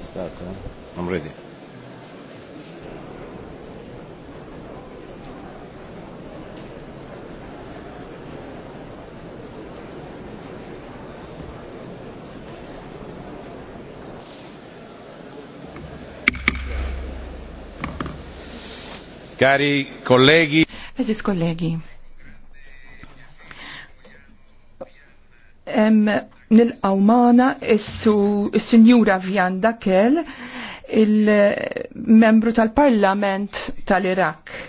Start, huh? Eh? I'm ready. Cari colleghi. Esis colleghi. nil maħna il-Sinjura Vjanda Kell, il-membru tal-Parlament tal-Irak.